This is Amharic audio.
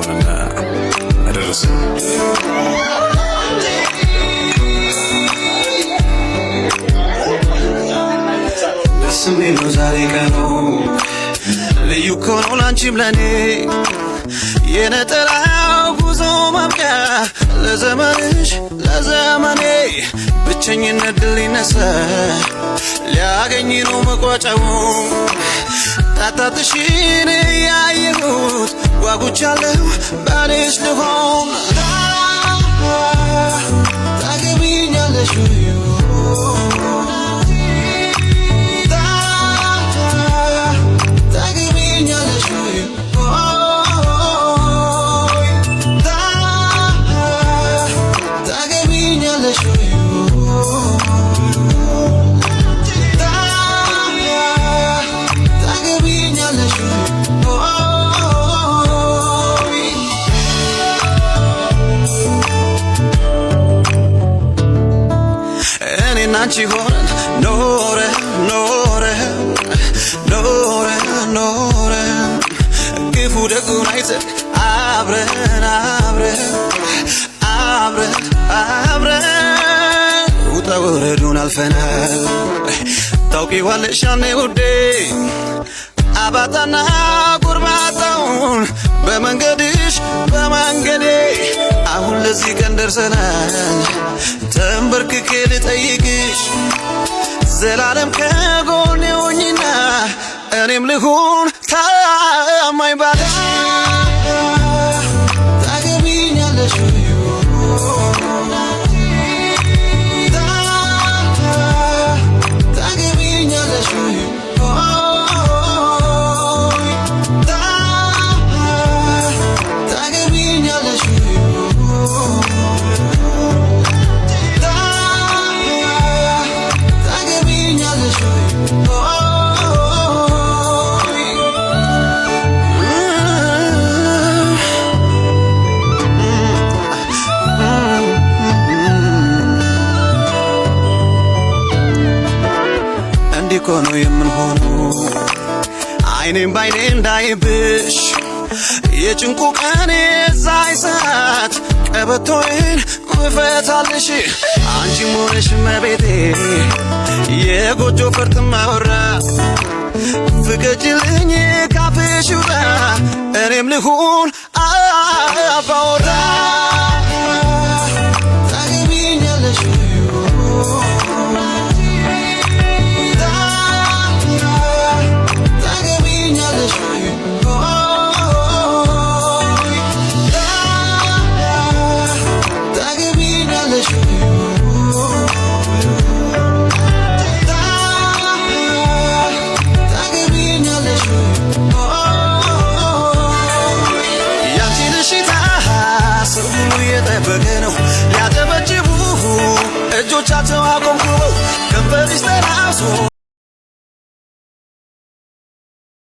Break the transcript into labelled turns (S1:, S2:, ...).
S1: ሆነና አደረስን። ደስ የሚለው ዛሬ ቀኑ ልዩ ከሆነው ላንቺም ለኔ የነጠላው ጉዞ ማብቂያ ለዘመንሽ ለዘመኔ ብቸኝነት ድል ይነሳ ሊያገኝ ነው መቋጫው ታታትሽን Uwagu cialem, banish the home አንቺ ሆነን ኖረ ኖረ ኖረ ኖረ ክፉ ደጉን አይተን አብረን አብረን አብረን አብረን ውጣ ወረዱን አልፈናል። ታውቂዋለሽ ያኔ ውዴ አባታና ጎርባጣውን በመንገድሽ በመንገዴ አሁን ለዚህ ቀን ደርሰናል። ተንበርክኬ ልጠይቅሽ ዘላለም ከጎኔ ሆኚና እኔም ልሁን ታ እንዲህ እኮ ነው የምንሆነው። አይኔም ባይኔ እንዳይብሽ የጭንቁ ቀን የዛይ ሰዓት ቀበቶዬን ውፈታልሽ አንቺም ሆነሽ መቤቴ የጎጆ ፈርት ማወራ ፍገጅልኝ ካፍሽ ውራ እኔም ልሁን አባወራ እጆቻቸው አቆምኩ ከንፈርሽ ተላሶ